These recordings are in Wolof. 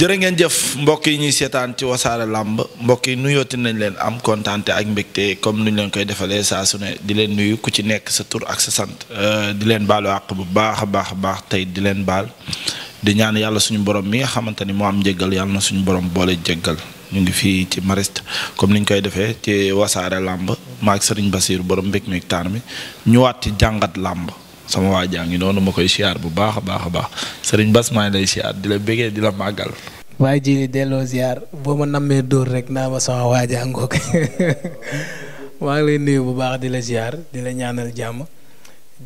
jërë ngeen jëf mbokk yi ñuy seetaan ci wasaare làmb mbokk yi nuyoo nuyooti nañ leen am kontaante ak mbégte comme nuñ leen koy defalee saa su ne di leen nuyu ku ci nekk sa tur ak sa sant euh, di leen baalu àq bu baax a baax a baax tey di leen baal di ñaan yàlla suñu borom mi nga xamante ni moo am njëggal yàlla na suñu borom boole jéggal ñu ngi fii ci mariste comme niñ koy defee ci wasaare làmb maak sëriñ Basiir borom mbég mi taan mi ñëwaat ci jàngat làmb sama waa jaa ngi noonu ma koy siyaar bu baax a baax a baax sëriñ Bas maa ngi lay siyaar di la bëggee di la màggal. waaye ji li delloo ziar boo ma nammee dóor rek naa ma sama waa jaa ngoog ngi lay nuyu bu baax di la ziar di la ñaanal jàmm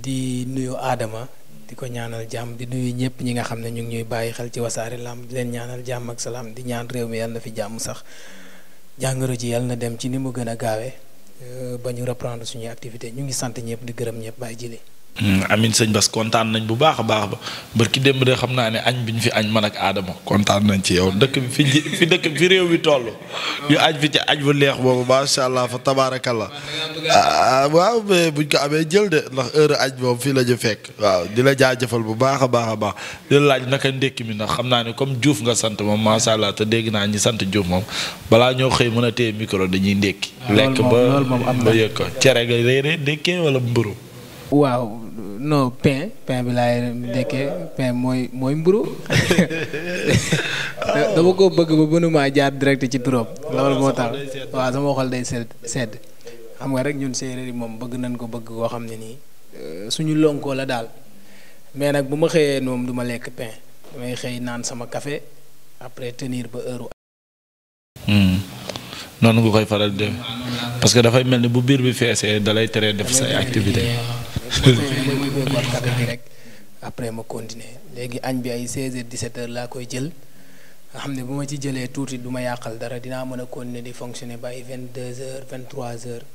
di nuyu aadama di ko ñaanal jàmm di nuyu ñëpp ñi nga xam ne ñu ngi ñuy bàyyi xel ci wasaare lamb di leen ñaanal jàmm ak salaam di ñaan réew mi yàlla na fi jàmm sax jàngoro ji yàlla na dem ci ni mu gën a gaawee euh, ba ñu reprendre suñuy activité ñu ngi sant ñëpp di gërëm ñëpp bàyyi jili Mm, amin sëñ Bas kontaan nañ bu baax a baax ba barki démb de xam naa ne añ bi ñu fi añ man ak aadama kontaan nañ ci yow dëkk bi fi fi dëkk bi fi réew mi toll. ñu añ fi ci añ bu neex boobu macha allah fa tabaarakallah ah, waaw mais buñ ko amee jël de ndax heure añ moom fii la ñu fekk. waaw di la jaajëfal bu baax a baax a baax di la laaj naka ndékki mi ndax xam naa ne comme Diouf nga sant moom macha allah te dégg naa ñi sant Diouf moom balaa ñoo xëy mën a téye micro dañuy ndékki. lekk ba ba yëg ko cere nga réere ndékkee wala mburu non pain pain bi laay ndekkee pain mooy mooy mburu dama ko bëgg ba mënumaa jaar direct ci turam oh, loolu boo tax waaw sama xol day sedd sedd xam nga rek ñun séeréer yi moom bëgg nañ ko bëgg koo xam ne nii euh, suñu lonkoo la daal mais nag bu ma xëyee moom du ma lekk pain damay xëy naan sama kafe après tenir ba heure hmm. noonu nga koy faral di def parce que dafay mel ni bu biir bi feesee dalay tere def say activité mooy ubbee après ma continuer léegi añ bi ay 16 heures 17 laa koy jël nga xam ne bu ma ci jëlee tuuti du ma yàqal dara dinaa mën a continuer di fonctionner ba ay 22 heures 23 heures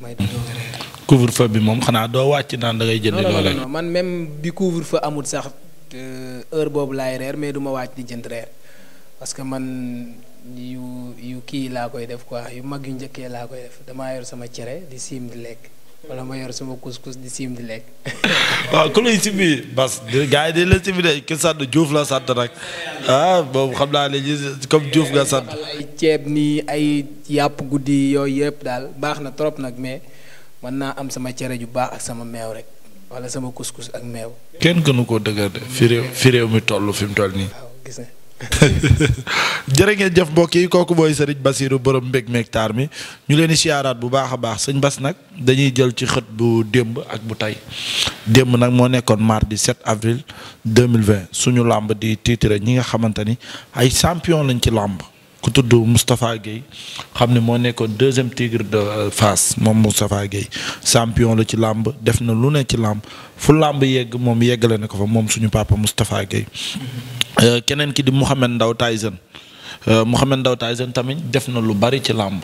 may doon couvre bi moom xanaa doo wàcc naan da ngay jënd man même bi couvre fa amul sax euh, heure boobu laay reer mais du ma wàcc di jënd reer parce que man yu yu kii laa koy def quoi yu mag yu njëkkee laa koy def damaa yor sama cere di siim di lekk. wala ma sama sama couscous di siim di lekk. waaw ku lay siim bi bas gars yi di la siim de ki sant Diouf la sant nag ah boobu xam naa ne comme Diouf nga sant. ay ceeb nii ay yàpp guddi yooyu yëpp daal baax na trop nag mais mën naa am sama cere ju baax ak sama meew rek wala sama couscous ak meew. kenn gënu koo dëgër de fi réew fi réew mi toll fi mu toll nii. jërë jëf mbokk yi kooku booy sëriñ Basiiru borom mbég mektaar mi ñu leen di siyaaraat bu baax a baax sëñ Bas nag dañuy jël ci xët bu démb ak bu tey démb nag moo nekkoon mardi 7 avril 2020 suñu làmb di titre ñi nga xamante ni ay champion lañ ci làmb ku tudd Moustapha Guèye xam ne moo nekkoon deuxième tigre de euh, Fass moom Moustapha Guèye champion la ci làmb def na lu ne ci làmb fu làmb yegg moom yeggale na ko fa moom suñu papa Moustapha Guèye euh, keneen ki di Mouhamed Ndaw Tyson Euh, Mouhamed Ndao Tyson tamit def na lu bari ci làmb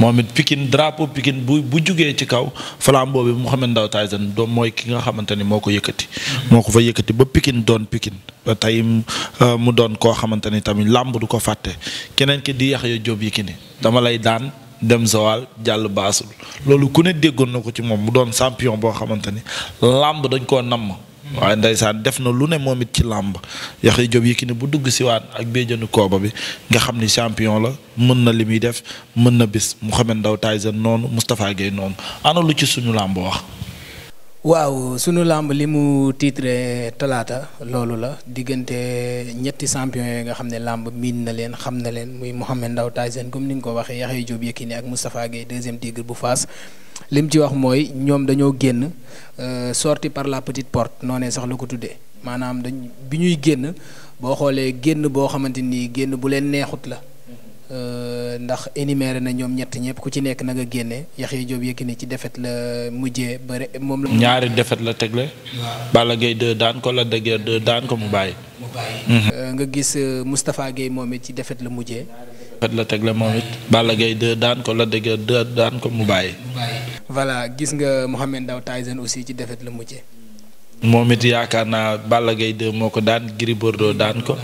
moom it pikin drapeau pikin bu bu jugee ci kaw flambeau bi Mouhamed ndaw Tyson doom mooy ki nga xamante ni moo ko yëkkati moo ko fa yëkkati ba Pikine doon pikin ba tey euh, mu doon koo xamante ni tamit làmb du ko fàtte keneen ki di Yaxya Jóob Yékini dama lay daan dem Zawal jàll baasul loolu ku ne déggoon na ko ci moom mu doon champion boo xamante ni làmb dañ koo namm waaye ndeysaan def na lu ne moom it ci làmb Yaxya Jóob Yékini bu dugg siwaat waat ak béjjënu kooba bi nga xam ni champion la mën na li muy def mën na bis Mouhamed Ndao Tyson noonu Moustapha Guèye noonu ana lu ci suñu làmb wax waaw sunu làmb li mu titre talaata loolu la diggante ñetti champion yi nga xam ne làmb miin na leen xam na leen muy Mouhamed Ndao Tyson comme ni nga ko waxee Yaxya Diop Yékini ak Moustapha Guèye deuxième tigre bu Fass lim ci wax mooy ñoom dañoo génn euh, sorti par la petite porte noonee sax la ko tuddee maanaam dañ bi ñuy génn boo xoolee génn boo xamante ni génn bu leen neexut la. Euh, ndax énuméré na ñoom ñett ñëpp ku ci nekk na nga génne Yaxya Joob ni ci defet la mujjee bëre moom la. ñaari la tegle. waaw Balla daan ko la daan ko mu bàyyi. Mhm. Euh, nga gis euh, Moustapha Guèye moom it ci defet la mujjee. defet la tegle moom it Balla Gaye 2 daan ko la dëgër 2 daan ko mu bàyyi. voilà gis nga Mohamed Ndao Tyson aussi ci defet la mujjee. moom it yaakaar naa Balla Gaye 2 moo ko daan Gris daan ko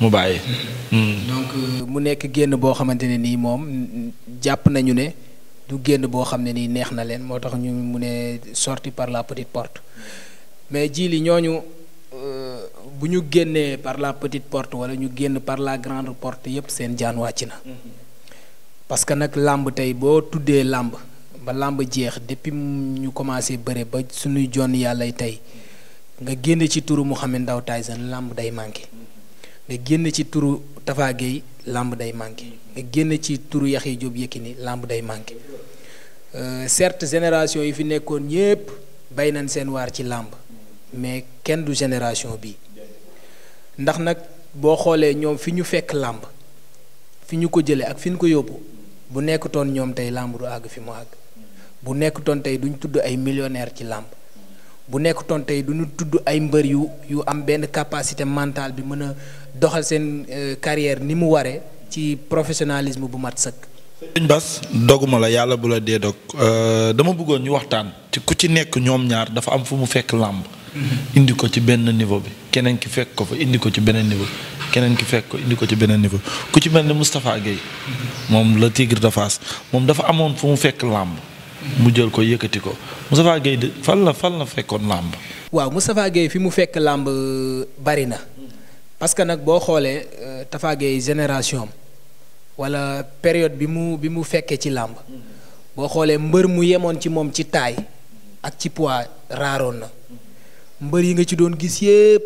mu bàyyi. Mhm. Mhm. mu nekk génn boo xamante ne nii moom jàpp nañu ne du génn boo xam ne nii neex na leen moo tax ñu mu ne sorti par la petite porte mais jii li ñooñu euh, bu ñu génnee par la petite porte wala ñu génn par la grande porte yépp seen jaan wàcc na parce que nag làmb tey boo tuddee làmb ba làmb jeex depuis ñu commencé bëre ba suñuy jonn yàllay tey nga génn ci turu Mouhamed ndaw Tyson làmb day manqué nga génn ci turu Tafa Gueye làmb day manqué nga génn ci turu Yaxya Jóob ni làmb day manqué euh, certes génération yi fi nekkoon yépp bay nañ seen waar ci làmb mais kenn du génération bi ndax nag boo xoolee ñoom fi ñu fekk làmb fi ñu ko jëlee ak fi ñu ko yóbbu bu nekk toon ñoom tey làmb du àgg fi mu àgg bu nekk toon tey duñ tudd ay millionnaire ci làmb bu nekkutoon tey duñu tudd ay mbër yu yu am benn capacité mentale bi mën a doxal seen euh, carrière ni mu waree ci professionnalisme bu mat sëkk. sëñ Bas doguma la yàlla bu la dee dog euh, dama bëggoon ñu waxtaan ci ku ci nekk ñoom ñaar dafa am fu mu fekk làmb mhm. indi ko ci benn niveau bi keneen ki fekk ko fa indi ko ci beneen niveau keneen ki fekk ko ko ci beneen ku ci mel ni Moustapha mhm. moom la Tigre de moom dafa amoon fu mu fekk làmb mu jël ko yëkkati ko Moustapha Guèye de fan la fan la fekkoon làmb waaw Moustapha Guèye fi mu fekk làmb euh, bari na parce que nag boo xoolee euh, Tapha Gueye génération am wala période bi mu bi mu fekkee ci làmb boo xoolee mbër mu yemoon ci moom ci taay ak ci poids raaroon na mbër yi nga ci doon gis yépp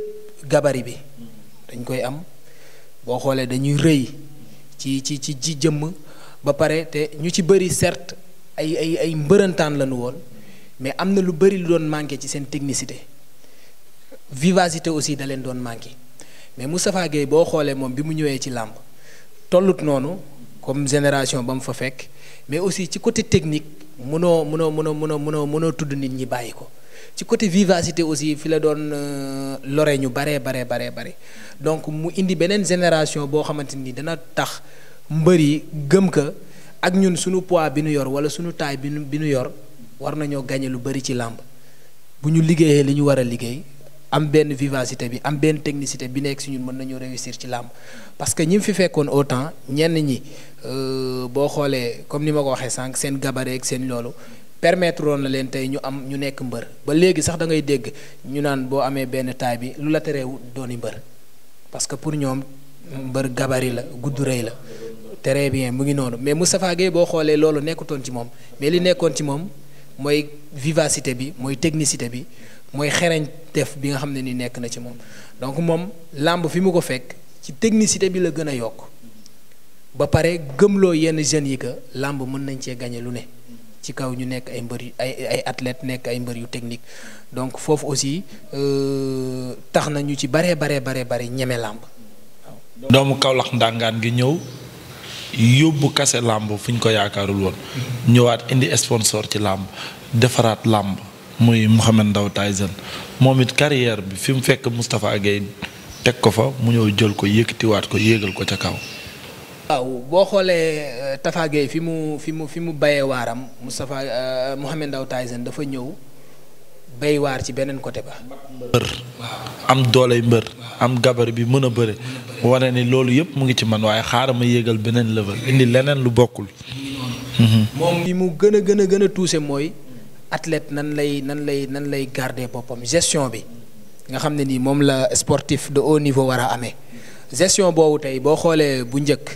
gabari bi dañ koy am boo xoolee dañuy rëy ci ci ci ji jëmm ba pare te ñu ci bëri certes ay ay ay mbërëntaan lañu woon mais am na lu bëri lu doon manqué ci seen technicité vivacité aussi da leen doon manqué mais Moustapha Gueye boo xoolee moom bi mu ñëwee ci làmb tollut noonu comme génération ba mu fa fekk mais aussi ci côté technique mënoo mënoo mënoo mënoo mënoo mënoo tudd nit ñi bàyyi ko ci côté vivacité aussi fi la doon euh, lore ñu baree baree baree bare donc mu indi beneen génération boo xamante nii dana tax mbër yi gëm ka ak ñun suñu pois bi nu yor wala suñu taay bi nu yor war nañoo gagné lu bëri ci làmb bu ñu liggéeyee li ñu war a liggéey am benn vivacité bi am benn technicité bi nekk si ñun mën nañu réussir ci làmb parce que ñi mu fi fekkoon autant ñenn ñi euh, boo xoolee comme ni ma ko waxee sànq seen gabareeg seen loolu permettre woon na leen tey ñu am ñu nekk mbër ba léegi sax da ngay dégg ñu naan boo amee benn taay bi lu la tereewu dooni mbër parce que pour ñoom mbër gabari la gudd rëy la très bien mu ngi noonu mais Moustapha Gueye boo xoolee loolu nekkutoon ci moom mais li nekkoon ci moom mooy vivacité bi mooy technicité bi mooy xerañ xereñteef bi nga xam ne ni nekk na ci moom donc moom làmb fi mu ko fekk ci technicité bi la gën a yokk ba pare gëmloo yenn jeunes yi que làmb mën nañ cee gañe lu ne ci kaw ñu nekk ay mbër yu ay ay athlètes nekk ay mbër yu technique donc foofu aussi euh, tax na ñu ci baree baree baree bari ñeme làmb waaw. doomu Kaolack ndàngaan gi ñëw. yóbbu kase làmb fu ñu ko yaakaarul woon mm-hmm. ñëwaat indi sponsor ci làmb defaraat làmb muy Mouhamed ndaw Tyson moom it carrière bi fi mu fekk Moustapha Gueye teg ko fa mu ñëw jël ko yëkkatiwaat ko yéegal ko ca kaw. waaw boo xoolee euh, Tafa Gueye fi mu fi mu fi mu bayee waaram Moustapha euh, Mouhamed ndaw Tyson dafa ñëw bay waar ci beneen côté ba. am dooley mbër. am gabar bi mën a bëre. wane ni loolu yëpp mu ngi ci man waaye xaaral ma yéegal beneen level indi leneen lu bokkul. moom li mu gën a gën a gën a tuuse mooy. athlète nan lay nan lay nan lay garder boppam gestion bi nga xam ne nii moom la sportif de haut niveau war a amee gestion boobu tey boo xoolee bu njëkk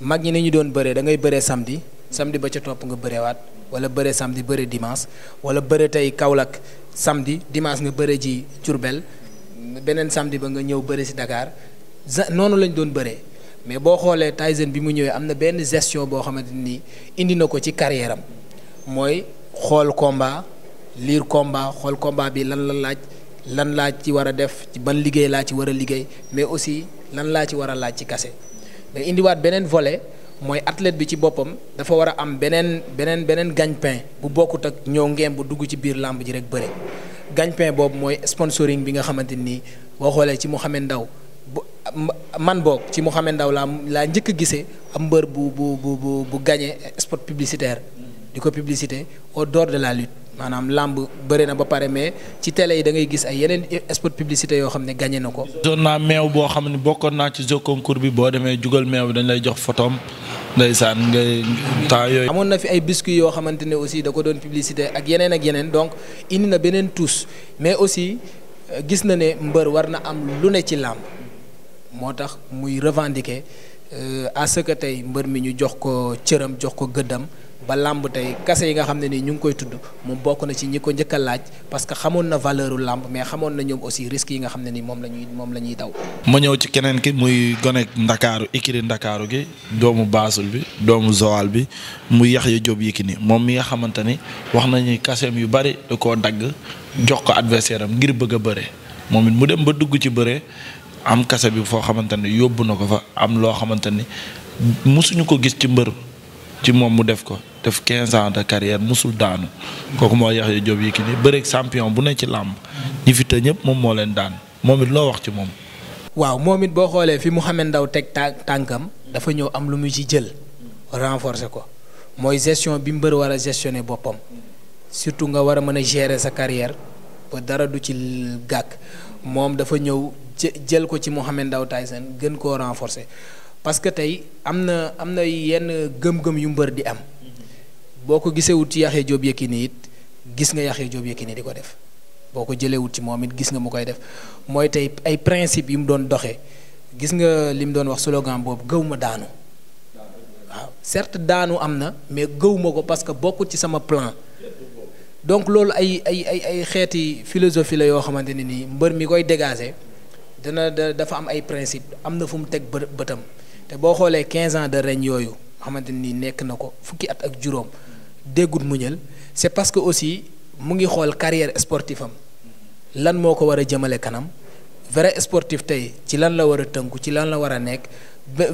mag ñi ni ñu doon bëree da ngay bëree samedi samedi ba ca topp nga waat wala bëree samedi bëree dimanche wala bëree tey Kaolack samedi dimanche nga bëree ji Diourbel beneen samedi ba nga ñëw bëri si Dakar noonu lañ doon bëree mais boo xoolee Tyson bi mu ñëwee am na benn gestion boo xamante ni indi na ko ci carrière xool combat liir komba xool combat bi lan la laaj lan laa ci war a def ci ban liggéey laa ci war a liggéey mais aussi lan laa ci war a laaj ci kase nga indiwaat beneen vole mooy athlète bi ci boppam dafa war a am beneen beneen beneen gagne bu bokkut ak ñëw ngeem bu dugg ci biir làmb ji rek bëre gagne-pain boobu mooy sponsoring bi nga xamante nii boo xoolee ci Mouhamed Ndao man boog ci Mouhamed Ndao laa laa njëkk a gisee am mbër bu bu bu bu bu gagné spot publicitaire di ko publicité au dehors de la lutte maanaam làmb bëri na ba pare mais ci télé yi da ngay gis ay yeneen spot publicité yoo xam ne gagné na ko. gisoon naa meew boo xam ne bokkoon naa ci jeu concours demee jugal meew dañ lay jox photom ndeysaan ngay temps yooyu. amoon na fi ay biscuits yoo xamante ne aussi da ko doon publicité ak yeneen ak yeneen donc indi na beneen tous mais aussi euh, gis na ne mbër war na am lu ne ci làmb moo tax muy revendiquer euh, à ce que tey mbër mi ñu jox ko cëram jox ko gëddam. ba làmb tey kase yi nga xam ne nii ñu ngi koy tudd moom bokk na ci ñi ko njëkk laaj parce que xamoon na valeur u làmb mais xamoon na ñoom aussi risques yi nga xam ne nii moom la moom la ñuy daw. ma ñëw ci keneen ki muy gone ndakaaru ikiri ndakaaru gi doomu baasul bi doomu zoal bi mu Yaxya Jóob Yékini moom mi nga xamante ni wax nañu kaseem yu bari da koo dagg jox ko adversaire am ngir bëgg a bëre moom it mu dem ba dugg ci bëre am kase bi foo xamante ni yóbbu na ko fa am loo xamante ni mosuñu ko gis ci mbër ci moom mu def ko. def 15 ans de carrière musul daanu kooku moo Yaxya Diop Yékini bëreeg champion bu ne ci làmb ñi fi te ñëpp moom moo leen daan moom it loo wax ci moom. waaw moom it boo xoolee fi Mouhamed ndaw teg tànkam dafa ñëw am lu muy ci jël renforcer ko mooy gestion bi mbër war a gestionner boppam surtout nga war a mën a gérer sa carrière ba dara du ci gàkk moom dafa ñëw jël ko ci Mouhamed Ndao Tyson gën koo renforcer parce que tey am na am na yenn gëm-gëm yu mbër di am. boo ko gisewut ci Yaxya Jóob Yékini it gis nga Yaxya Jóob Yékini di ko def boo ko jëlee jëlewut ci moom it gis nga mu koy def mooy tey ay principe yu mu doon doxee gis nga li mu doon wax slogan boobu gëw ma daanu waaw certes daanu am na mais gëw ma ko parce que bokkut ci sama plan donc loolu ay ay ay ay xeeti philosophie la yoo xamante ne nii mbër mi koy dégager dana dafa am ay principe am na fu mu teg bë bëtam te boo xoolee quinze ans de règne yooyu xamante nii nekk na ko fukki at ak juróom déggut muñal c'est parce que aussi mu ngi xool carrière sportive am lan moo ko war a jëmale kanam vrai sportif tey ci lan la war a tënku ci lan la war a nekk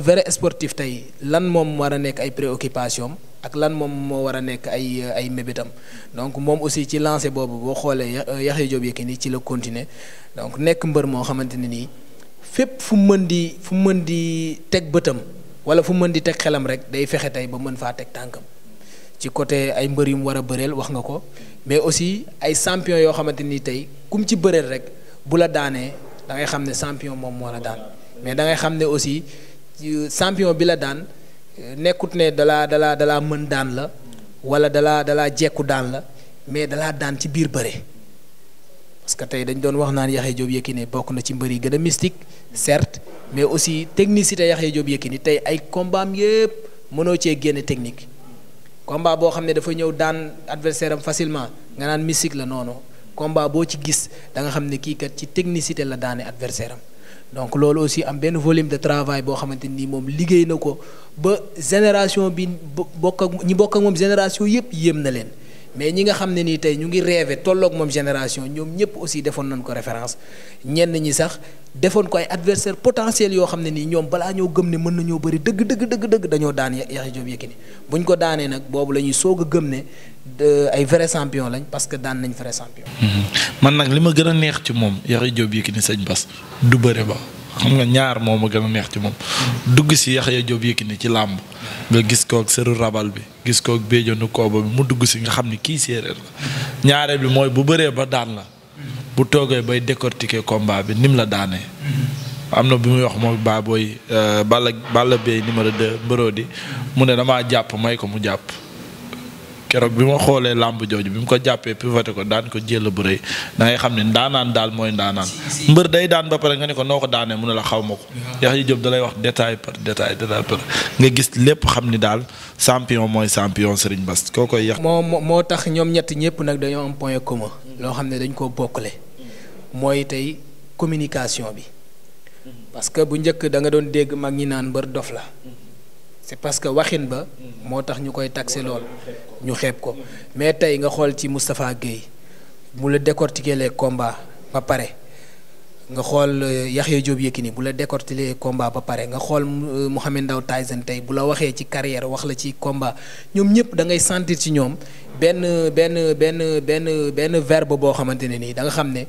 vrai sportif tey lan moom war a nekk ay préoccupation ak lan moom moo war a nekk ay ay mébétam donc moom aussi ci lancé boobu boo xoolee euh, Yaxya Jóob nii ci la continuer donc nekk mbër moo xamante ne nii fépp fu mën di fu mën di teg bëtam wala fu mën di teg xelam rek day fexe tey ba mën faa teg tànkam ci côté ay mbër yum mu war a bëreel wax nga ko mais aussi ay champion yoo xamante ni tey kum ci bëreel rek bu la daanee da ngay xam ne sampion moom moo la daan mais da xam ne aussi sampion bi la daan euh, nekkut ne dalaa dalaa dalaa mën daan la wala dalaa dalaa jekku daan la mais dalaa daan ci biir bëre parce que tey dañ doon wax naan Yaxya Jóob ne bokk na ci mbër yi gën a mystique certes mais aussi technicité Yaxya Jóob ni tey ay combat am yépp mënoo cee génne technique combat boo xam ne dafa ñëw daan adversaire am facilement nga naan mystique la noonu combat boo ci gis da nga xam ne kii kat ci technicité la daane adversaire am donc loolu aussi am benn volume de travail boo xamante nii moom liggéey na ko ba génération bi bokk ak bokk moom génération yëpp yéem na leen mais ñi nga xam ne nii tey ñu ngi rêvé tollook moom génération ñoom ñëpp aussi defoon nañ ko référence ñenn ñi sax defoon ko ay adversaire potentiel yoo xam ne nii ñoom balaa ñoo gëm ne mën nañoo bëri dëgg dëgg dëgg dëgg dañoo daan Yaxya Joob Yékini buñ ko daanee nag boobu lañuy ñuy soog a gëm ne ay vrai champion lañ parce que daan nañ vrai champion. Mm-hmm. man nag li ma gën a neex ci moom Yaxya Joob Yékini sëñ Bass du bëri ba. xam nga ñaar moom ma gën a neex ci moom. dugg si Yaxya Jóob Yékini ci làmb nga gis koog sëru rabal bi gis koog béjjonu kooba bi mu dugg si nga xam ni kii séeréer la. ñaareel bi mooy bu bëree ba daan la. bu toogee bay décortiquer komba bi nim la daanee. am na bi muy wax moom baabooy bala euh, Balla Beye numéro 2 mbëroo di mu ne damaa jàpp may ko mu jàpp. keroog bi ma xoolee làmb jooju bi mu ko jàppee pivoté ko daan ko jël bu rëy da ngay xam ne ndaanaan daal mooy ndaanaan mbër day daan ba pare nga ne ko noo ko daanee mu ne la xaw ma ko yax yi Jóob dalay wax détail par détail par nga gis lépp xam ni daal sampion mooy sampion Serigne Bass ko koy yax moo moo tax ñoom ñett ñëpp nag dañoo am point commun loo xam ne dañ koo bokkale mooy tey communication bi mm-hmm. parce que bu njëkk da nga doon dégg mag ñi naan mbër dof la mm-hmm. parce que waxin ba moo tax ñu koy taxé lool ñu xeeb ko mais tey nga xool ci Moustapha Guèye mu la décortiquer les combats ba pare nga xool yax euh, Yaxya Diop Yékini bu la décortiquer combat ba pare nga xool euh, Mohamed ndaw Tyson tey bu la waxee ci carrière wax la ci komba ñoom ñëpp da ngay sentir ci ñoom benn benn benn benn benn verbe boo xamante ne nii da nga xam ne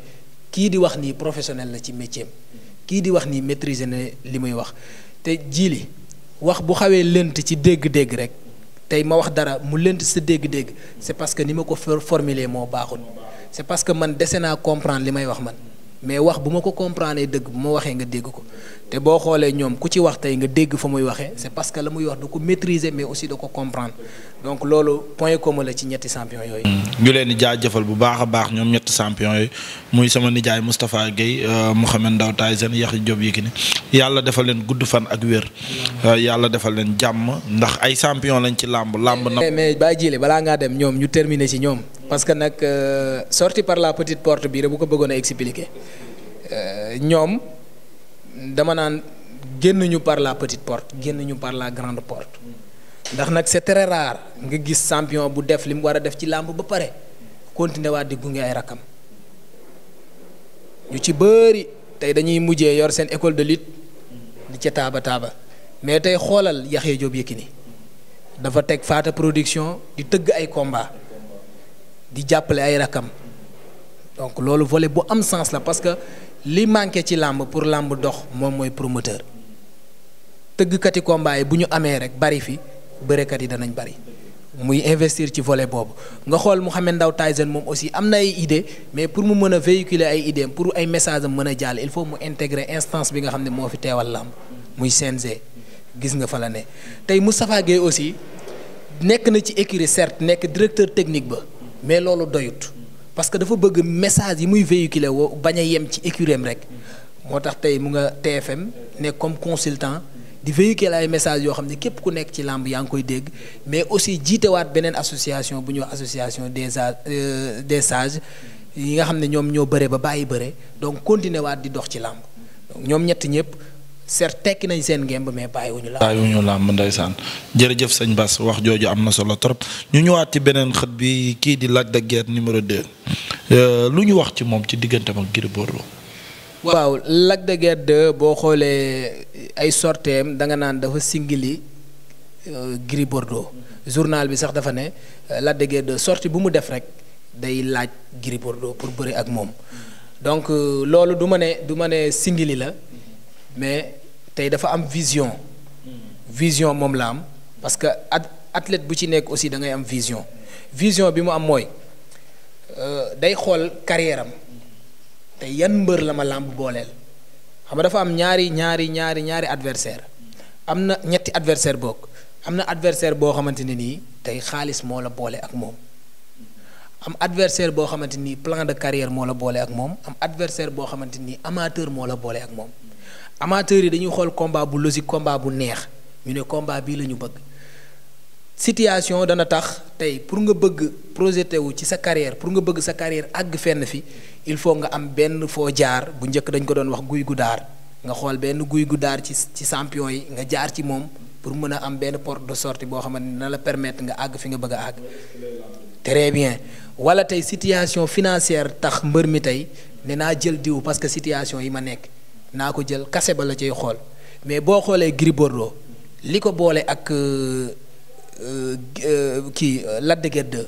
kii di wax nii professionnel la ci métier kii di wax nii maîtriser na li muy wax te jiili wax bu xawee lënt ci dégg-dégg rek tey ma wax dara mu lënt sa dégg-dégg c'est parce que ni ma ko formuler moo baaxul c'est parce que man dese naa comprendre li may wax man mais wax bu ma ko comprendre dëgg bu ma waxee nga dégg ko te boo xoolee ñoom ku ci wax tey nga dégg fa muy waxee c'est parce que la muy wax du ko maîtriser mais aussi da ko comprendre donc loolu point commun la ci ñetti champion yooyu. Mm. ñu leen di jaajëfal bu baax a baax ñoom ñetti sampion yooyu muy sama nijaay Moustapha Guèye euh, Mouhamed Ndao Tyson Yaxya Diop Yékini yàlla defal leen gudd fan ak wér euh, yàlla defal leen jàmm ndax ay champion lañ ci làmb làmb na. mais baa jile balaa ngaa dem ñoom ñu terminer ci ñoom. parce que nag euh, sorti par la petite porte bi rek bu ko bëggoon a ñoom. dama naan génn ñu par la petite porte génn ñu par la grande porte ndax nag c'est très rare nga gis champion bu def li mu war a def ci làmb ba pare continuer waat di gunge ay rakkam ñu ci bëri tey dañuy mujjee yor seen école de lutte di ca taaba taaba mais tey xoolal Yaxya Jóob ni dafa teg faata production di tëgg ay combat di jàppale ay rakam donc loolu volet bu am sens la parce li manqué ci làmb pour làmb dox moom mooy promoteur tëggkati combat yi bu ñu amee rek bari fi bërekat yi danañ bari muy investir ci volet boobu nga xool mu Mouhamed ndaw Tyson moom aussi am na ay idée mais pour mu mën a véhiculer ay idées pour ay message am mën a jàll il faut mu intégrer instance bi nga xam ne moo fi teewal làmb muy CNG gis nga fa la ne tey Moustapha Gueye aussi nekk na ci écurie certes nekk directeur technique ba mais loolu doyut parce que dafa bëgg message yi muy véhiculer bañ a yem ci écurie am rek moo tax tey mu nga TFM ne comme consultant di véhiculer ay message yoo xam ne képp ku nekk ci làmb yaa ngi koy dégg mais aussi jiitewaat beneen association bu ñuy association des a euh, des sages yi nga xam ne ñoom ñoo bëre ba bàyyi bëre donc continuer waat di dox ci làmb ñoom ñett ñëpp. certes tekki nañ seen ngemb mais bàyyiwuñu la. bàyyiwuñu la am ndeysaan jërëjëf sëñ Bass wax jooju am na solo trop ñu ñëwaat ci beneen xët bi kii di Lac de Guiers de 2 euh, lu ñu wax ci moom ci diggante ak Gris Bordeaux. waaw Lac de boo xoolee ay sorteem da nga naan dafa singili euh, Gris Bordeaux journal bi sax dafa ne euh, Lac de Guiers 2 bu mu def rek day laaj Gris Bordeaux pour bëri ak moom donc loolu du ne du ne singili la mais. tey dafa am vision hmm. vision moom la am parce que at athlète bu ci nekk aussi da ngay am vision vision bi mu am mooy euh, day xool carrière am te yan mbër la ma làmb booleel xam nga dafa am ñaari ñaari ñaari ñaari adversaire am na ñetti adversaire book am na adversaire boo xamante ne nii tey xaalis moo la boole ak moom am adversaire boo xamante nii plan de carrière moo la boole ak moom am adversaire boo xamante nii amateur moo la boole ak moom amateurs yi dañuy xool combat bu logique combat bu neex ñu ne combat bii la ñu bëgg situation dana tax tey pour nga bëgg projeté wu ci sa carrière pour nga bëgg sa carrière àgg fenn fi il faut nga am benn foo jaar bu njëkk dañ ko doon wax guy gu daar nga xool benn guy gu daar ci ci champion yi nga jaar ci moom pour mën a am benn porte de sortie boo xamante ne na la permettre nga àgg fi nga bëgg a àgg. très bien wala tey situation financière tax mbër mi tey ne jël diw parce que situation yi ma nekk. naa ko jël kase ba la cay xool mais boo xoolee Gris li ko boole ak euh, euh, kii euh, Lac de Guiers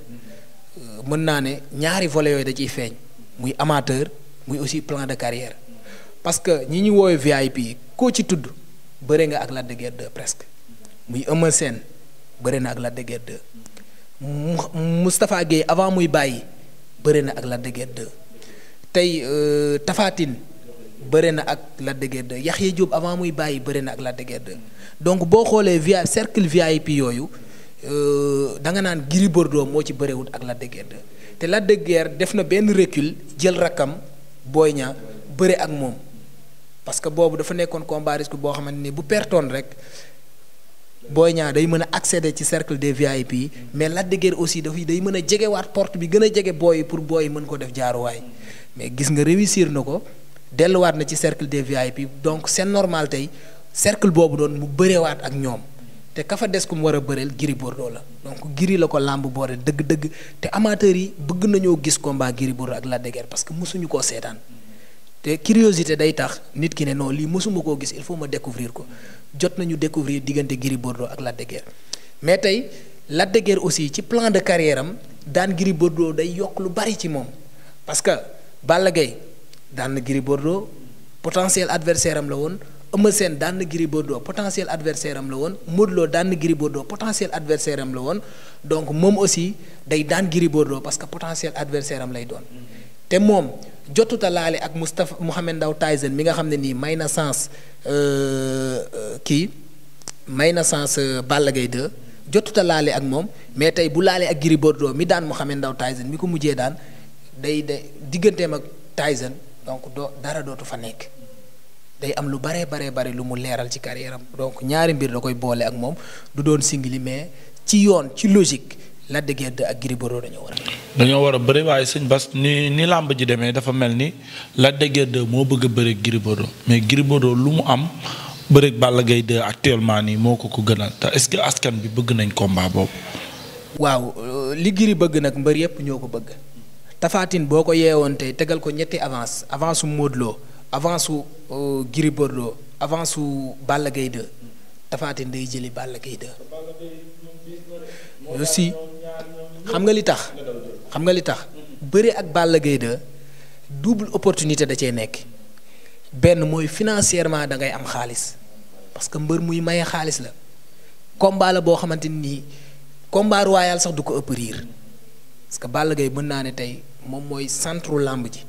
mën naa ne ñaari vole yooyu da ciy feeñ muy amateur muy aussi plan de carrière parce que ñi ñu woowee VIP koo ci tudd bëre nga ak Lac de presque muy Eumeu Sène bëre na ak Lac de Guiers 2 avant muy bàyyi bëre na ak Lac de Guiers 2 tey Tapha bëre na ak Lac de Guiers 2 Yaxya avant muy bàyyi bëre na ak Lac de Guiers 2 donc boo xoolee via cercle VIP yooyu euh, da nga naan Gris Bordeaux moo ci bërewut ak Lac de te Lac de def na benn recul jël rakkam booy Niang bëre ak moom parce que boobu dafa nekkoon combat risque boo xamante ni bu pertoon rek Boy Niang day mën a accéder ci cercle des VIP yi mais Lac de aussi dafay day mën a jegewaat porte bi gën a jege booy pour booy mën ko def jaaruwaay mais gis nga réussir na ko. delluwaat na ci cercle des VIP donc seen normal tey cercle boobu doon mu bëreewaat ak ñoom te ka fa des ko mu war a bëreel Gris Bordeaux la donc Gris la ko làmb boore dëgg-dëgg te amateurs yi bëgg nañoo gis combat Gris Bordeaux ak la de Guiers parce que mosuñu koo seetaan te curiosité day tax nit ki ne non lii mosuma koo gis il faut ma découvrir ko jot nañu découvrir diggante giri Bordeaux ak la de Guiers mais tey la de aussi ci plan de carrière am daan Gris Bordeaux day yokk lu bari ci moom parce que Balla daan na Gris Bordeaux potentiel adversaire am la woon Eumeu Sène daan na Gris Bordeaux potentiel adversaire am la woon Modou Lo daan na Gris Bordeaux potentiel adversaire am la woon donc moom aussi day daan Gris Bordeaux parce que potentiel adversaire am lay doon te moom jotuta laale ak Moustapha Mohamed Ndao Tyson mi nga xam ne nii may na sens euh, euh, kii may na sens euh, Balla Gaye 2 jotuta laale ak moom mais tey bu laalee ak Gris doo mi daan Mohamed Ndao Tyson mi ko mujjee daan day day digganteem ak Tyson donc do dara dootu fa nekk day am lu baree baree bari lu mu leeral ci carrière am donc ñaari mbir da koy boole ak moom du doon singili mais ci yoon ci logique Lac de Guiers ak Gris Bordeaux dañoo war a. dañoo war a bëri waaye sëñ Bas ni ni làmb ji demee dafa mel ni Lac de moo bëgg a bëri Gris Bordeaux mais Gris lu mu am bëri Balla Gaye 2 actuellement nii moo ko ko gënal te que askan bi bëgg nañ combat boobu. waaw euh, li Gris bëgg nag mbër yëpp ñoo ko bëgg. Tafatine boo ko yeewoon tey tegal ko ñetti avance avance su Modou Lo avance su euh, Gris Bordeaux avance su Balla Gaye 2 Tafatine day jëli Balla Gaye aussi xam nga li tax xam nga li tax bëri ak Balla Gaye double opportunité da cee nekk benn mooy financièrement da ngay am xaalis parce que mbër muy maye xaalis la combat boo xamante nii combat royal sax du ko ëpp riir parce que Balla Gaye mën naa ne tey moom mooy centre làmb ji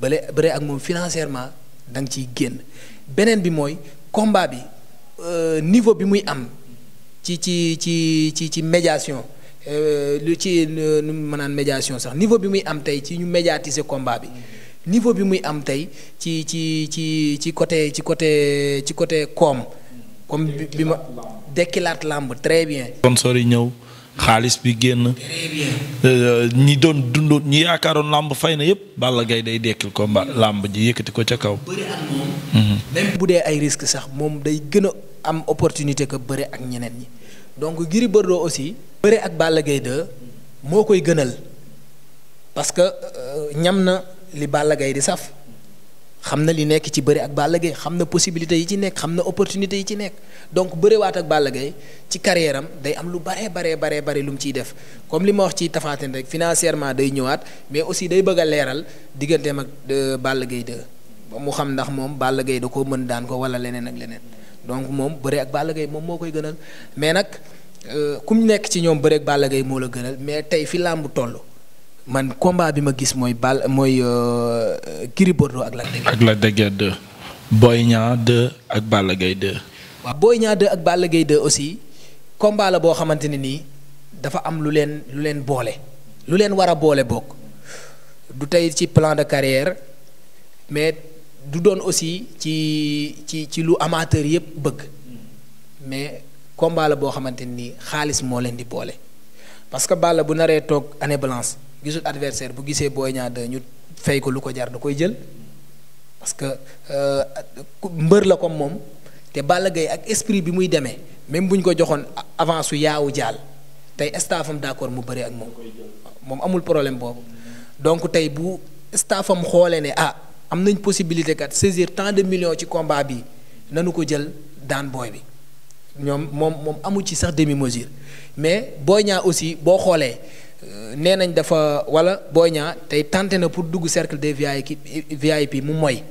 bële bëre ak moom financièrement da nga ciy génn beneen bi mooy combat bi euh, niveau bi muy am ci ci ci ci ci médiation euh, lu ci nu ma naan médiation sax niveau bi muy am tey ci ñu médiatiser combat bi niveau bi muy am tey ci ci ci ci côté ci côté ci côté koom. comme bi ma dekkilaat làmb très bien. sponsor yi ñëw. xaalis bi génn. Euh, ñi doon dund ñi yaakaaroon làmb fay na yëpp. Balla Gaye day dekkil ko mba làmb ji yékkati ko ca kaw. bëri at bu dee ay risque sax moom day gën a am opportunité ko bëri ak ñeneen ñi donc Gris Bordeaux aussi. bëri ak Balla Gaye 2 moo koy gënal parce que euh, ñam na li Balla Gaye di saf. xam na li nekk ci bëri ak Balla Gaye xam na possibilité yi ci nekk xam na opportunité yi ci nekk donc bëriwaat ak Balla Gaye ci carrière am day am lu baree bare baree bare lu mu ciy def comme li ma wax ci Tapha rek financièrement day ñëwaat mais aussi day bëgg leeral digganteem ak Balla Gaye 2 ba mu xam ndax moom Balla Gaye da koo mën daan ko wala leneen ak leneen donc moom bëri ak Balla Gaye moom moo koy gënal mais nag euh, ku mu nekk ci ñoom bëri ak Balla Gaye moo la gënal mais tey fi làmb toll. man combat bi ma gis mooy bal mooy euh, Gris Bordeaux ak la de Guiers. ak Lac de ak Balla Gaye 2. waaw Boy Niang 2 ak ball Gaye 2 aussi combat la boo xamante ne nii dafa am lu leen lu leen boole lu leen war a boole bokk du tey ci plan de carrière mais du doon aussi ci ci ci lu amateur yépp bëgg mais combat la boo xamante ne nii xaalis moo leen di boole parce que Balla bu naree toog année balance gisul adversaire bu gisee Boy Niang 2 ñu fay ko lu ko jar da koy jël parce que euh, mbër la comme moom te Balla Gaye ak esprit bi muy demee même bu ñu ko joxoon avance su yaawu jaal tey staffam d'accord mu bëri ak moom moom amul problème boobu donc tey bu staffam xoolee ne ah am nañ possibilité kat saisir tant de millions ci combat bi nanu ko jël daan booy bi ñoom moom moom amu ci sax demi mesure mais Boy Niang aussi boo xoolee. Euh, nee nañ dafa wala Boy Niang tey tante na pour dugg cercle des VIP VIP mu mooy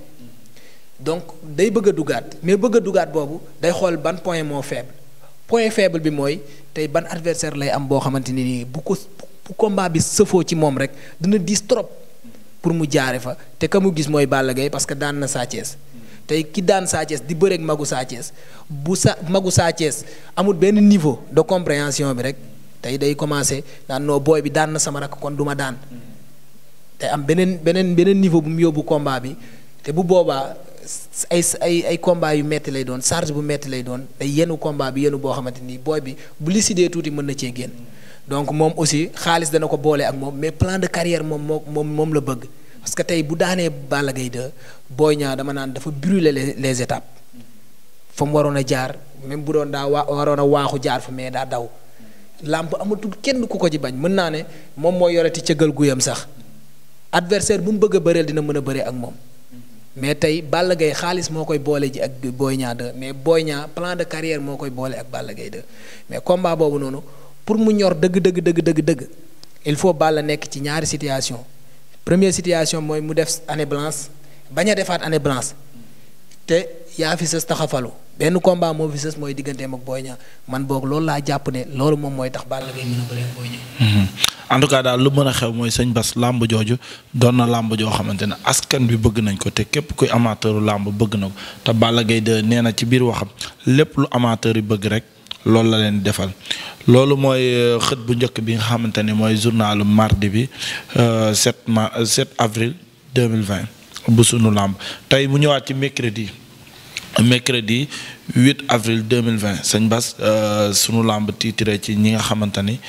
donc day bëgg dugaat mais bëgg dugaat boobu day xool ban point moo faible point faible bi mooy tey ban adversaire lay am boo xamante ni nii bu ko bu combat bi sëfoo ci moom rek dina diis trop pour mu jaare fa te ka mu gis mooy Balla Gaye parce que daan na Sa tey ki daan Sa di bëreek magu Sa bu sa magu Sa Thiès amul benn niveau de compréhension bi rek tey day commencé naan noo booy bi daan na sama rakk kon duma daan te am beneen beneen beneen niveau bu mu yóbbu combat bi te bu boobaa ay ay ay combat yu metti lay doon charge bu metti lay doon day yenu combat bi yenu boo xamante ni booy bi bu lisidee tuuti mën na cee génn donc moom aussi xaalis dana ko boole ak moom mais plan de carrière moom moom moom la bëgg parce que tey bu daanee Balla Gaye 2 Boy Niang dama naan dafa brûler les étapes fa mu waroon a jaar même bu doon daa waroon a waaxu jaar fa mais daa daw làmb amatul kenn ku ko ci bañ mën naa ne moom mooy yoreti cëggal guyam sax adversaire bu mu bëgg a bëreel dina mën a bëre ak moom mais tey Balla Gaye xaalis moo koy boole ji ak Boy Niang 2 mais Boy ñaar plan de carrière moo koy boole ak Balla Gaye 2 mais combat boobu noonu pour mu ñor dëgg dëgg dëgg dëgg il faut Balla nekk ci ñaari situation première situation mooy mu def année blanche bañ a defaat année blanche te yaa fi sa taxafalu benn combat moo fi sës mooy digganteem ak Boy Niang man boog loolu laa jàpp ne loolu moom mooy tax Balla Gaye mën a bëree Boy Niang. Mhm. en tout cas daal lu mën a xew mooy sëñ Bas làmb jooju doon na làmb joo xamante ne askan bi bëgg nañ ko te képp kuy amateuru làmb bëgg na ko te Balla Gaye nee na ci biir waxam lépp lu amateur yi bëgg rek loolu la leen defal. loolu mooy euh, xët bu njëkk bi nga xamante ne mooy journalu mardi bi 7 euh, ma 7 euh, avril 2020 bu sunu làmb tey mu ñëwaat ci mercredi. mercredi 8 avril 2020 sëñ Bas euh, sunu làmb tiitre ci ñi nga xamante ni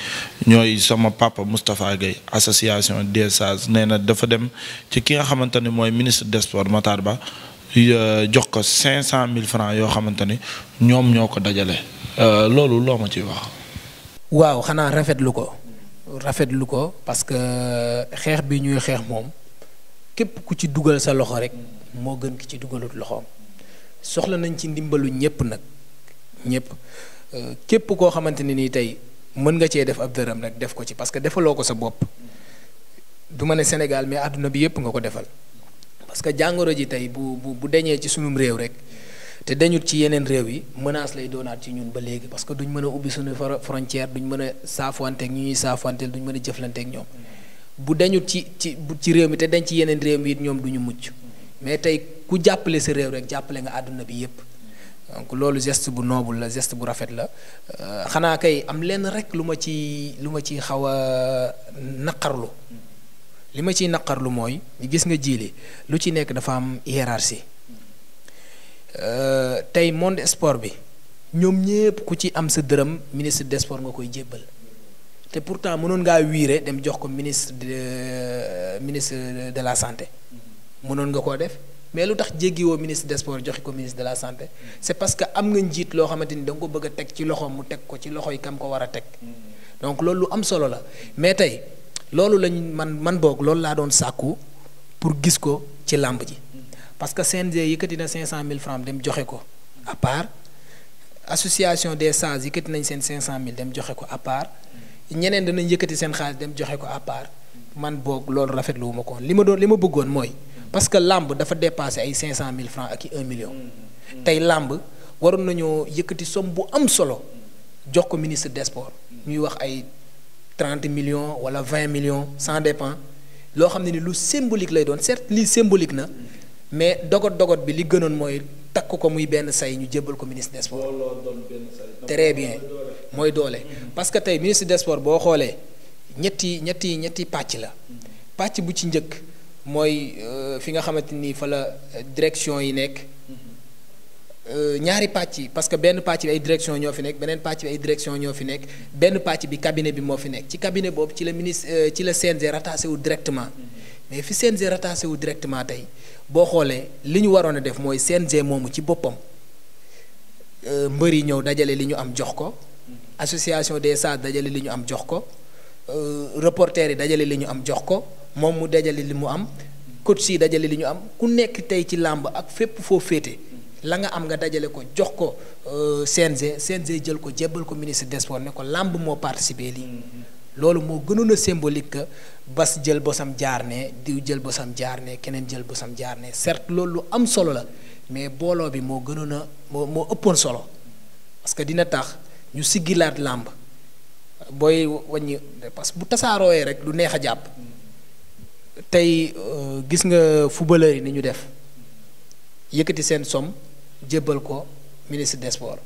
ñooy sama papa Moustapha Gueye association des sages nee na dafa dem ci ki nga xamante ni mooy ministre des sports Matar Ba euh, jox ko cinq cent mille francs yoo xamante ni ñoom ñoo ko dajale euh, loolu loo ma ciy wax. waaw xanaa rafetlu ko rafetlu ko parce que xeex bi ñuy xeex moom képp ku ci dugal sa loxo rek moo gën ki ci dugalut loxoom. soxla nañ ci ndimbalu ñëpp nag ñëpp euh, képp koo xamante ne nii tey mën nga cee def ab dërëm nag def ko ci parce que defaloo ko sa bopp du ma ne Sénégal mais àdduna bi yëpp nga ko defal parce que jàngoro ji tey bu bu bu deñee ci sunum réew rek te dañut ci yeneen réew yi menace lay doonaat ci ñun ba léegi parce que duñ mën a ubbi suñu frontière duñ mën a saafuwanteeg ñu ñuy saafuwanteel duñ mën a jëflanteek ñoom bu dañut ci ci ci réew mi te dañ ci yeneen réew mi it ñoom du mucc ku jàppale sa réew rek jàppale nga àdduna bi yépp donc loolu gest bu noble la geste bu rafet la euh, xanaa kay am lenn rek lu ma ci lu ma ci xaw a euh, naqarlu li ma ciy naqarlu mooy gis nga jiili lu ci nekk dafa am hiérarchie euh, tey monde sport bi ñoom ñépp ku ci am sa dërëm ministre des sports nga koy jébbal te pourtant mënoon ngaa wiire dem jox ko ministre de ministre de la santé mënoon nga koo def mais lu tax jéggiwoo ministre des sports joxe ko ministre de la santé c'est parce que am nga njiit loo xamante ni da nga ko bëgg a teg ci loxo mu teg ko ci loxo yi kam ko war a teg donc loolu lu am solo la mais tey loolu lañ man man boog loolu laa doon sàkku pour gis ko ci làmb ji parce que CNG yëkkati na 500000 francs dem joxe ko à part association des sages yëkkati nañ seen 500000 dem joxe ko à part ñeneen danañ yëkkati seen xaalis dem joxe ko à part man boog loolu rafetlu wu ma ko li ma doon li ma bëggoon mooy. parce que làmb dafa dépassé ay 500000 francs ak i 1 million. Mm-hmm. tey làmb waroon nañoo yëkkati some bu am solo jox ko ministre des sports ñuy wax ay 30 million wala vingt millions sans dépend loo xam ne ni lu symbolique lay doon certes lii symbolique na mais dogot dogot bi li gënoon mooy takk ko muy benn say ñu jébbal ko ministre des très bien mooy doole. Mm-hmm. parce que tey ministre des sports boo xoolee ñetti ñetti ñetti pàcc la mm-hmm. pàcc bu ci njëkk. mooy euh, fi nga xamante ni fa la direction yi nekk euh, ñaari pàcc yi parce que benn pàcc bi ay direction ñoo fi nekk beneen pàcc bi ay direction ñoo fi nekk benn pàcc bi cabinet bi moo fi nekk ci cabinet boobu ci la ministre euh, ci la CNG rattaché wu directement mais fi CNG rattaché wu directement tey boo xoolee li ñu waroon a def mooy CNG moomu ci boppam mbër yi ñëw dajale li ñu am jox ko association des sages dajale li ñu am jox ko reporters yi dajale li ñu am jox ko moom mu dajale li mu am coach si dajale li ñu am ku nekk tey ci làmb ak fépp foo féete la nga am nga dajale ko jox ko euh, CNG CNG jël ko jébbal ko ministre des sports ne ko làmb moo participer lii loolu moo gënoon a symbolique bas jël bosam jaar ne diw jël bosam jaar ne keneen jël bosam jaar ne certes loolu lu am solo la mais booloo bi moo gënoon a moo ëppoon solo parce que dina tax ñu siggilaat làmb booy wàññi parce que bu tasaaroowee rek lu neex a jàpp. tey euh, gis nga footballeur yi ni ñu def yëkkati seen somme jébbal ko ministre des sports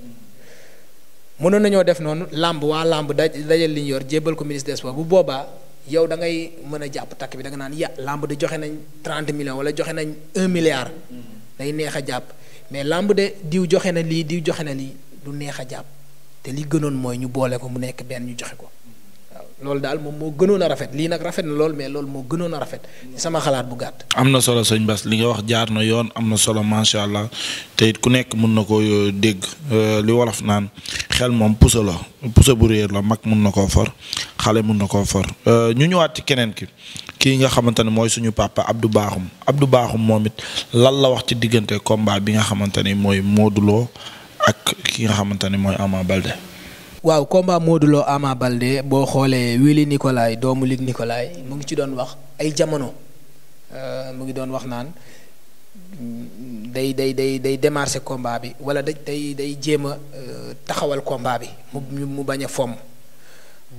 mënoon nañoo def noonu làmb waa làmb dajal li ñu yor jébbal ko ministre des bu boobaa yow da ngay mën a jàpp takk bi da nga naan ya làmb de joxe nañ trente millions wala joxe nañ un milliard. day neex a jàpp mais làmb de diw joxe na lii diw joxe na lii du neex a jàpp te li gënoon mooy ñu boole ko mu nekk benn ñu joxe ko. loolu daal moom moo gënoon a rafet lii nag rafet na lool mais loolu moo gënoon a rafet sama xalaat bu gàtt. am na solo sëñ Bass li nga wax jaar na yoon am na solo macha allah te it ku nekk mun na koo euh, dégg euh, li wolof naan xel moom puso la puso bu réer la mag mun na koo for xale mun na koo for euh, ñu ñëwaat ci keneen ki kii nga xamante ne mooy suñu papa Abdou baaxum Abdou Bakhoum moom it lan la wax ci diggante combat bi nga xamante ni mooy Modou Lo ak ki nga xamante ne mooy Ama Balde. waaw combat Modou Lo Ama Baldé boo xoolee Willy Nicolai doomu Luc Nicolai mu ngi ci doon wax ay jamono euh, mu ngi doon wax naan day day day day démarrer combat bi wala da day day jéem a euh, taxawal combat bi mu mu bañ a fomm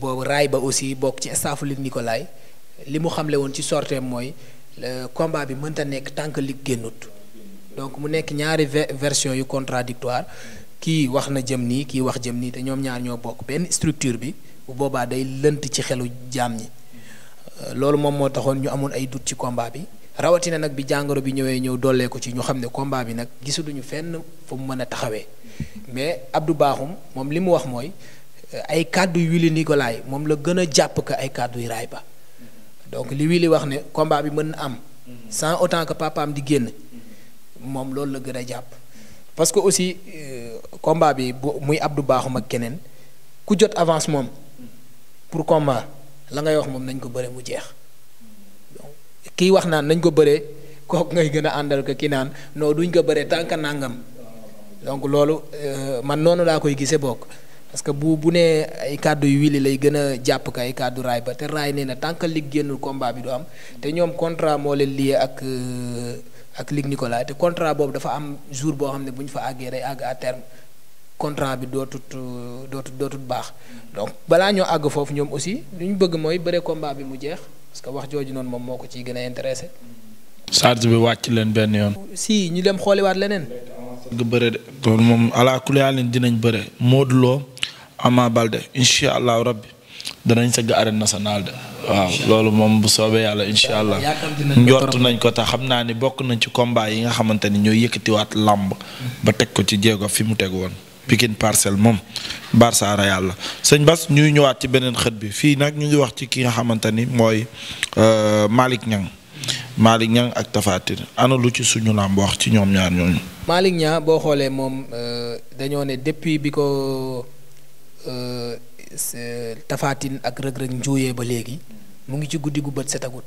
boobu raay ba aussi bokk ci staffu Luc Nicolai li mu xamle woon ci sorteem mooy combat bi mënta nekk tant que Luc génnut donc mu nekk ñaari version yu contradictoire kii wax na jëm nii kii wax jëm nii te ñoom ñaar ñoo bokk benn structure bi bu boobaa day lënt ci xelu jaam ñi euh, loolu moom moo taxoon ñu amoon ay doute ci combat bi rawatina nag bi jàngoro bi ñëwee ñëw dollee ko ci ñu xam ne combat bi nag gisuduñu fenn fu mu mën a taxawee mais Abdou baaxum moom li mu wax mooy euh, ay kàddu yu Willy Nicolaï moom la gën a jàpp ko ay kàddu raay ba donc li li wax ne combat bi mën na am mm-hmm. sans autant que papaam di génn moom loolu la gën a jàpp parce que aussi euh, combat bi bu muy Abdou Bakhoum ak keneen ku jot avance moom pour combat la ngay wax moom nañ ko bëre mu jeex kii wax naan nañ ko bëree kooku ngay gën a àndal ko ki naan non duñ ko bëree tànk nangam donc loolu euh, man noonu laa koy gisee bokk parce que bu bu nee ay kàddu yu wili lay gën a jàpp ko ay kàddu raay ba te raay nee na tànk lig génnul combat bi du am te ñoom contrat moo leen lié ak. Euh, ak Ligue Nicolas te contrat boobu dafa am jour boo xam ne bu ñu fa àggee day àgg à terme contrat bi dootut euh, dootut dootut baax donc balaa ñoo àgg foofu ñoom aussi lu ñu bëgg mooy bëre combat bi mu jeex parce que wax jooju noonu moom moo ko ciy gën a intéressé. charge bi wàcc leen benn yoon. si ñu dem xooliwaat leneen. du bëre de loolu moom ala leen dinañ bëre Modou Lo Ama Balde incha allahu rabbi danañ sëgg arène nationale de. waaw loolu moom bu soobee yàlla incha allah njort nañ ko tax xam naa ni bokk nañ ci combat yi nga xamante ni ñooy yëkkatiwaat làmb ba teg ko ci jéego fi mu teg woon Pikine parcelle moom Barça Real la sëñ Bas ñuy ñëwaat ci beneen xët bi fii nag ñu ngi wax ci ki nga xamante ni mooy euh, Malick Niang Malick Niang ak Tapha Tine lu ci suñu làmb wax ci ñoom ñaar ñooñu. Euh, dañoo ne depuis bi ko. Euh, tafaatin ak rëg-rëg njuuyee ba léegi mu ngi ci guddi gu bët setagut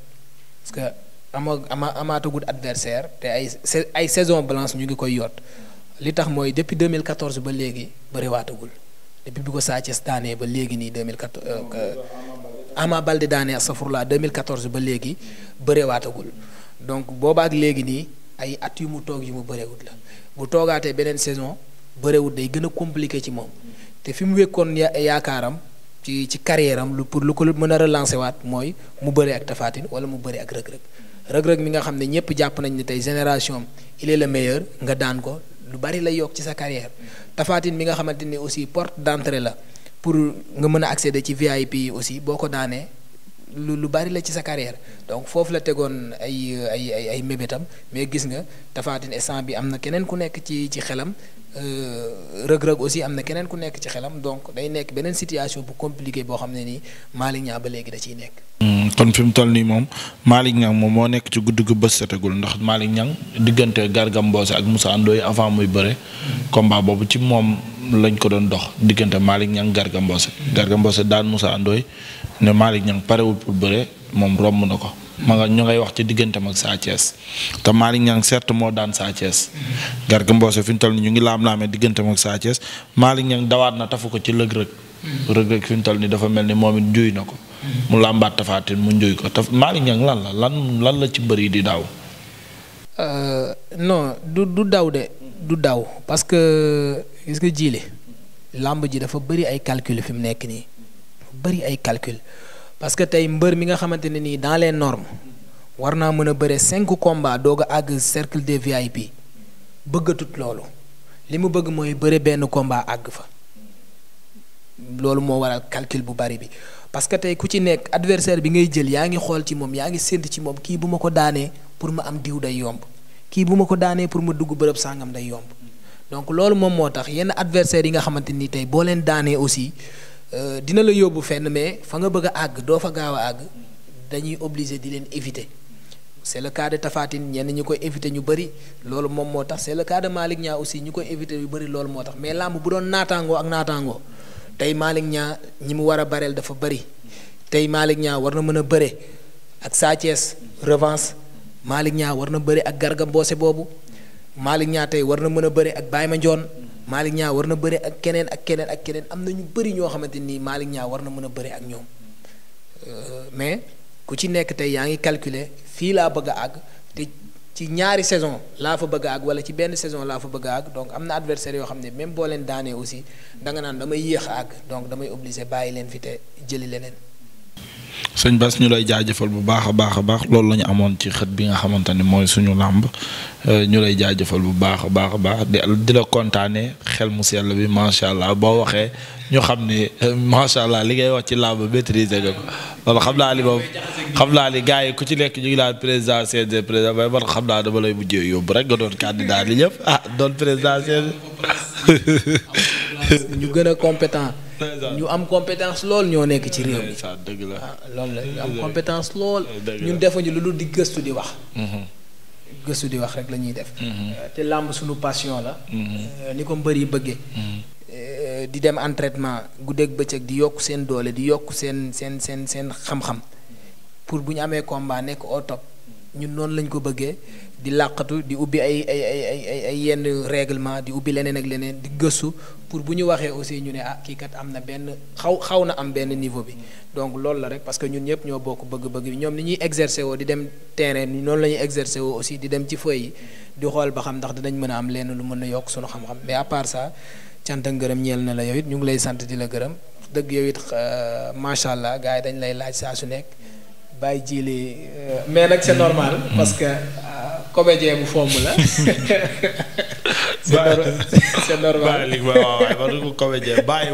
parce que ama ama amaatagut adversaire te ay ay saison blanche ñu ngi koy yoot li tax mooy depuis 2014 ba léegi bëriwaatagul depuis bi ko Sa Thiès daanee ba léegi nii 2014 euh, Ama Baldé daanee astafurlaa 2014 ba léegi bëriwaatagul donc boobaak léegi nii ay at yu mu toog yu mu bëreewut la bu toogaatee beneen saison bëreewut day gën a compliqué ci moom te fi mu wekkoon yaakaaram ci ci carrière lu pour lu ko mën a relancer waat mooy mu bëri ak Tapha Tine wala mu bëri ak Reug Reug Reug mi nga xam ne ñëpp jàpp nañ ne tey génération am la est meilleur nga daan ko lu bari la yokk ci sa carrière tafaatin mi nga xamante ni aussi porte d'entrée la pour nga mën a accéder ci VIP yi aussi boo ko daanee lu lu bari la ci sa carrière donc foofu la tegoon ay ay ay ay mébétam mais gis nga tafaatin Tine bi am na keneen ku nekk ci ci xelam Euh, rëg-rëg aussi am na keneen ku nekk ci xelam donc day nekk beneen situation bu compliqué boo xam ne nii Malick ba léegi da ciy nekk. Hmm, kon fi mu toll nii moom Malick Niang moom moo nekk ci guddi gu bës setagul ndax Malick diggante Garga Mbossé ak musa Ndoye avant muy bëre. combat boobu ci moom lañ ko doon dox diggante Malick Niang Garga Mbossé. Garga Mbossé daan Moussa Ndoye ne Malick Niang parewul pour bëre moom romb na ko. maa nga ñu ngay wax ci digganteem ak Sa Thiès te Malick Niang moo daan Sa Thiès Garga Mbossé fi mu toll nii ñu ngi laam-laamee digganteem ak Sa Thiès dawaat na tafu ko ci rëg-rëg rëg-rëg fi mu toll nii dafa mel ni moom it njuuy na ko mu làmbaat tafaatin mu njuuy ko taf Malick Niang lan la lan la ci bëri di daw euh, non du daw de du daw parce que gis nga jiile làmb ji dafa bëri ay calcul fi mu nekk nii bëri ay calcul parce que tey mbër mi nga xamante ne nii dans les normes war naa mën a bëre cinq combats doog àgg cercle des VIP bëggatut loolu li mu bëgg mooy bëre benn combat àgg fa loolu moo war a calcul bu bari bi parce que tey ku ci nekk adversaire bi ngay jël yaa ngi xool ci moom yaa ngi sént ci moom kii bu ma ko daanee pour ma am diw day yomb kii bu ma ko daanee pour ma dugg bërëb sàngam day yomb donc loolu moom moo tax yenn adversaire yi nga xamante ni tey boo leen daanee aussi Euh, dina la yóbbu fenn mais fa nga bëgg a àgg doo fa gaaw a àgg dañuy obligé di leen éviter c'est le cas de Tafatine ñenn ñi koy éviter ñu bëri loolu moom moo tax c'est le cas de Malick aussi ñi koy éviter yu bëri loolu moo tax mais làmb bu doon naataangoo ak naataangoo tey Malick Niang ñi mu war a bareel dafa bëri tey Malick ñaa war na mën a bëre ak Sa Thiès revanche Malick Niang war na bëre ak Garga Mbossé boobu Malick Niang tey war na mën a bëre ak baay ma Mandione Malick Niang war na bëre ak keneen ak keneen ak keneen am na ñu bëri ñoo xamante nii Malick Niang war na mën a bëre ak ñoom euh, mais ku ci nekk tey yaa ngi calculer fii laa bëgg àgg te ci ñaari saison laa fa bëgg a àgg wala ci benn saison laa fa bëgg a àgg donc am na adversaire yoo xam ne même boo leen daanee aussi da nga naan damay yéex a àgg donc damay obligé bàyyi leen fi te jëli leneen. sëñ Bass ñu lay jëfal bu baax a baax a baax loolu la ñu amoon ci xët bi nga xamante ni mooy suñu làmb euh, ñu lay jaajëfal bu baax a baax a baax di di la kontaane xel mu sell bi macha allah boo waxee ñu xam ne macha allah li ngay wax ci làmb maîtriser nga ko loolu xam naa li moom xam naa li gars yi ku ci nekk ñu ngi naan président CNG président waaye man xam naa dama lay mujjee yóbbu rek nga doon candidat li ñëpp ah doon président CNG. ñu gën a ñu am compétence lool ñoo nekk ci réew mi lool la ah, loolu la ñu am compétence lool ñun defuñu lu dul di gëstu di wax mm-hmm. gëstu di wax rek la ñuy def mm-hmm. euh, te làmb suñu passion la mm-hmm. euh, ni ko mbër yi bëggee euh, di dem entraînement guddeeg bëccëg di yokk seen doole di yokk seen seen seen seen xam-xam pour bu ñu amee combat nekk au ñun noonu lañ ko bëggee di làqatu di ubbi ay ay ay yenn règlement di ubbi leneen ak leneen di gëstu pour bu ñu waxee aussi ñu ne ah kii kat am na benn xaw xaw na am benn niveau bi donc loolu la rek parce que ñun ñëpp ñoo bokk bëgg-bëgg bi ñoom ni ñuy exercer woo di dem terrain noonu la ñuy exercer woo aussi di dem ci feuilles yi di xool ba xam ndax dinañ mën a am lenn lu mën na yokk sunu xam-xam mais à part ça cant ak ngërëm ñeel na la yow it ñu ngi lay sant di la gërëm dëgg yow it euh, macha allah gars dañ lay laaj saa su nekk bàyyi jiili euh, mais nag c'est normal comédien bu fomm la c'est normal bàyyi waaw waaye ko comédien baax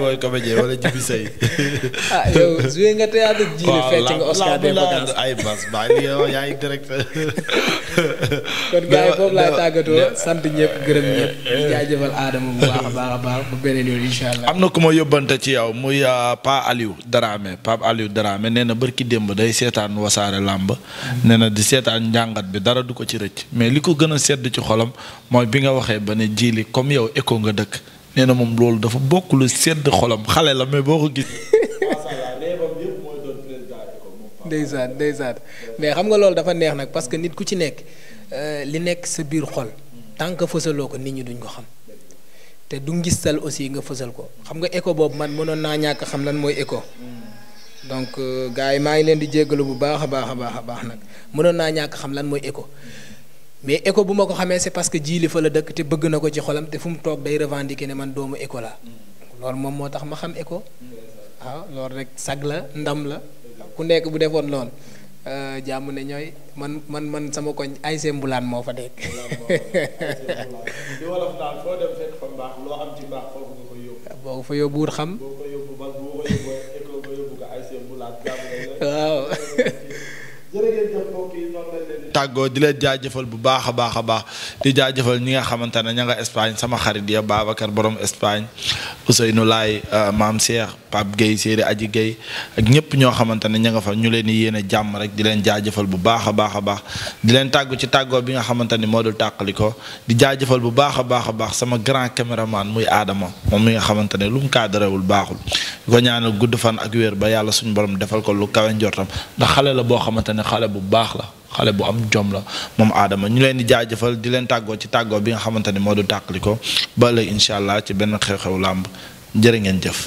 baax baax bu beneen yoon incha allah. am na ku ma yóbbante ci yow muy Pa ah, Aliou Darame Pape Aliou Darame nee na bërki démb day seetaan wasaare làmb nee na di seetaan njàngat bi dara du ko ci rëcc mais li ko gën sedd ci xolam mooy bi nga waxee ba ba ne jiili comme yow écho nga dëkk nee na moom loolu dafa bokk lu sedd xolam xale la mais boo ko gis. ndeysaan ndeysaan mais xam nga loolu dafa neex nag parce que nit ku ci nekk euh, li nekk sa biir xol tant que fësaloo ko nit ñi duñ ko xam te du ngistal aussi nga fësal ko xam nga écho boobu man mënoon naa ñàkk xam lan mooy écho. donc euh, gars yi maa ngi leen di jéggalu bu baax a baax a baax a baax nag mënoon naa ñàkk xam lan mooy mais éco bu ma ko xamee c'est parce que jiili fa la dëkk te bëgg na ko ci xolam te fu mu toog day revendiquer ne man doomu éco la mm. loolu moom moo tax ma xam éco waaw mm. ah, loolu rek sag la ndam la ku nekk bu defoon lool euh, jàmm ne ñooy man man man sama koñ ay see mbulaan moo fa nekk. di wolof boo fa yóbbu xam. waaw. tàggoo di leen jëfal bu baax a baax a baax di jaajëfal ñi nga xamante ne ña nga Espagne sama xarit ya Babacar borom Espagne Ousseynou Laay euh, maam Cheikh Pape Gueye Séeri Aji Gueye ak ñëpp ñoo xamante ne ña nga fa ñu leen di yéene jàmm rek di leen jaajëfal bu baax a baax a baax di leen tàggu ci tàggoo bi nga xamante ni moo dul tàqali ko di jaajëfal bu baax a baax a baax sama grand caméraman muy aadama moom mi nga xamante ne lu mu cadrewul baaxul ko ñaanal gudd fan ak wér ba yàlla suñu borom defal ko lu kawe njortam ndax xale la boo xamante ne xale bu baax la xale bu am jom la moom aadama ñu leen di jaajëfal di leen tàggoo ci tàggoo bi nga xamante ni moo du tàqali ko ba ëllëg incha allah ci benn xew-xew làmb jërë ngeen jëf